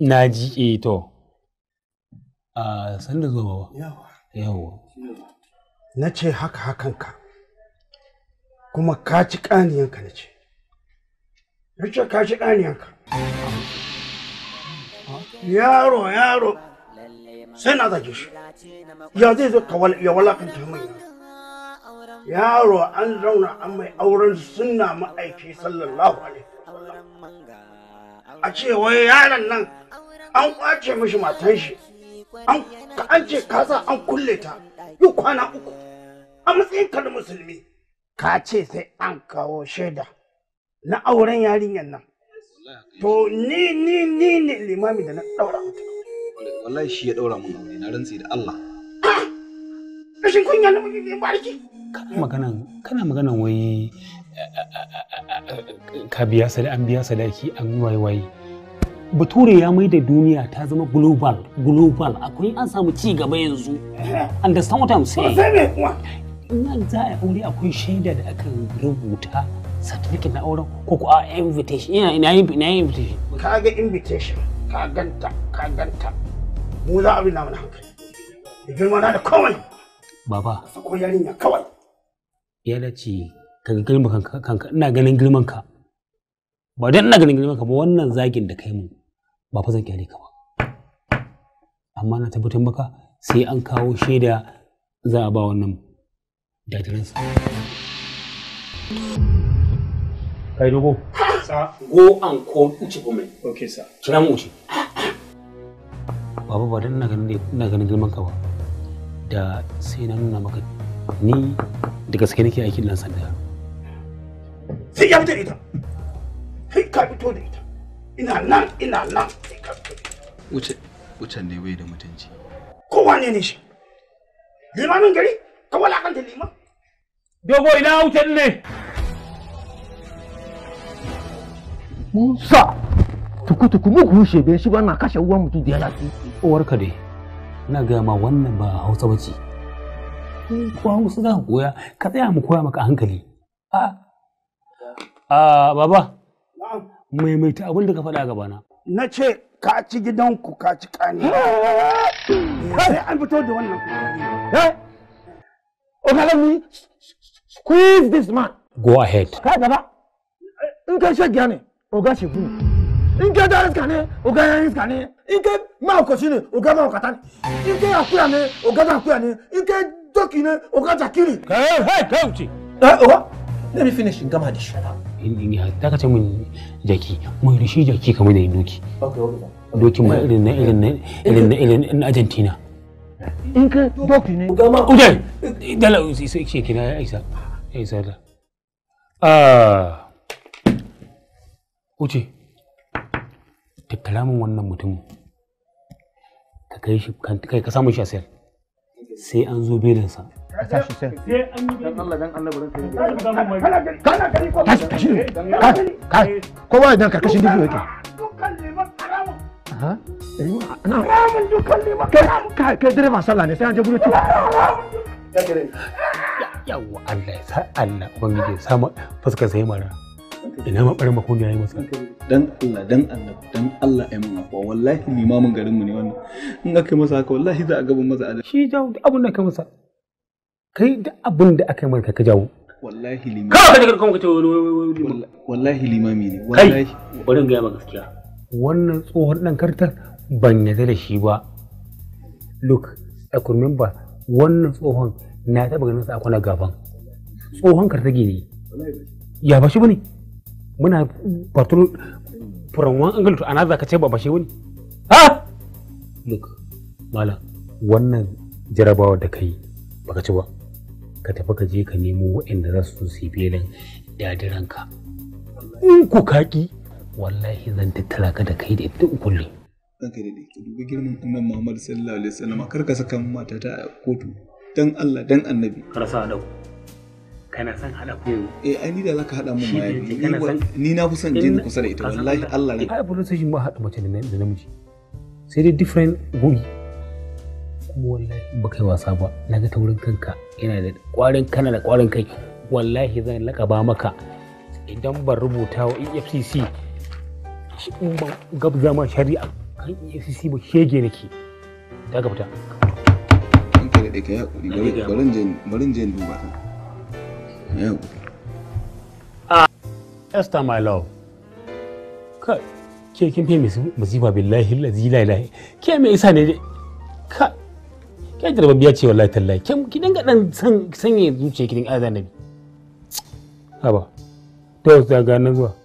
na ji e to a san da zuwa yawa na ce haka hakan ka, kuma ka ci ƙaniyanka na ce na ce ka ci ƙaniyanka yaro yaro sai na zage shi ya zai zo ya walakanta mai yaro an zauna an mai auren sunna ma'aiki sallallahu alaihi wasallam a ce wai yaron nan an kwace mishi matan shi an ce kasa an kulle ta yi kwana uku a matsayin ka na musulmi ka ce sai an kawo shaida na auren yarinyar nan to ni ni ni ne limami da na daura mata wallahi shi ya daura mun aure na rantsi da Allah ah! rashin kunya na mutum barki kana maganan kana maganan wai ka biya sadaki an biya sadaki an waiwai bature ya mai da duniya ta zama global global akwai an samu ci gaba yanzu eh. understand what i'm saying in za a aure akwai shaida da aka rubuta certificate na auren ko ko invitation ina ina yin ina yin invitation ka ga invitation ka ganta ka ganta mu za a bina mana hankali idan girma na da kawai baba sako yarinya kawai ya ci. ka girma kanka ina ganin girman ka ba dan ina ganin girman ka ba wannan zagin da kai mu ba fa zan kyale ka ba amma na tabbatar maka sai an kawo shaida za a ba wannan dadiransa kai dogo sa go an ko uci ko mai okay sa kira mu uci baba ba dan ina ganin ina ganin girman ka ba da sai na nuna maka ni da gaske nake aikin nan sanda sai ya fito da ita sai ka fito da ita ina nan ina nan sai ka fito da wuce wucen ne bai da mutunci kowa ne ne shi limamin gari ka wala da lima. dogo ina wucen ne Musa tuku-tuku mugu shebe shi ba na kashe uwan mutum da yana uwarka dai ina gaya ma wannan ba hausa bace ko hausa za ka koya ka tsaya mu koya maka hankali a a baba maimaita abin da ka faɗa gabana na ce ka ci gidanku ka ci kani sai an fito da wannan okay let me squeeze this man go ahead ka gaba in kai shagiya ne oga shegu ne in kai daren iska ne oga yan iska ne in kai mahaukaci ne oga mahaukata ne in kai akuya ne oga akuya ne in kai doki ne oga jakiri kai hey, kai uti. eh oga let me finish in gama da in ta kace min jaki mun rishi jaki kamar duke. doki doki Duke na irin na Argentina in doki gama dala sai ce a isa da ah Uchi. The Kalamu wannan mutumin ka kai shi kai a sai an zo belinsa a tashi sai eh, dan Allah dan Allah burin ko tashi tashi kai kai kowa idan karkashin dubu yake dukkan liman haramun ha eh, na haramun dukkan liman kai kai dare ma sallah ne sai an je gurin tuwa yawa Allah ya sa Allah ubangiji ya samu fuskar sai mara ina ma ɓarin bakon yi masa dan Allah dan Allah dan Allah ai mun afuwa wallahi limamin garin mu ne wannan in aka masa haka wallahi za a gaban masa adalci shi jawo abun da ka masa kai duk abin da aka yi mai kaka jawo wallahi limami kawai ka ka ce wallahi limami ne kai bari ga maka gaskiya wannan tsohon dan kartar ban yarda da shi ba look i could remember wannan tsohon na taɓa ganin sa akwana gaban tsohon kartage ne ya ba shi ne? muna batun from one angle to za ka ce ba ba shi bane ha look mala wannan jarabawa da kai baka ci ba ka tafi ka je ka nemo waɗanda za su su belin dadiranka in ku kaki wallahi zan tattara ka da kai da ita kulle ranka da ke dubi girman annan Muhammad sallallahu alaihi wasallam kar ka saka mata ta kotu dan Allah dan annabi kar sa dau kana san hada ku eh ai ni da zaka hada mun mai ni na fi son jin kusa da ita wallahi Allah ne ai ba sai shi ma hada mace da namiji sai dai different guri kuma wallahi ba kai wasa ba na ga taurin kanka yana da kwarin kana da kwarin kai wallahi zan lakaba maka idan ban rubuta wa efcc ban gabza ma shari'a kan efcc ba shege nake ta gabata ka daɗe ka yi haƙuri barin jan duba ta ya haƙuri ah, esther my love kai ke kin fi musiba billahi lazi la ilaha ke me isa ne dai kai da biya ce wallahi tallahi kin ki dinga dan sanye zuciya kin azanabi haba to ga nan zuwa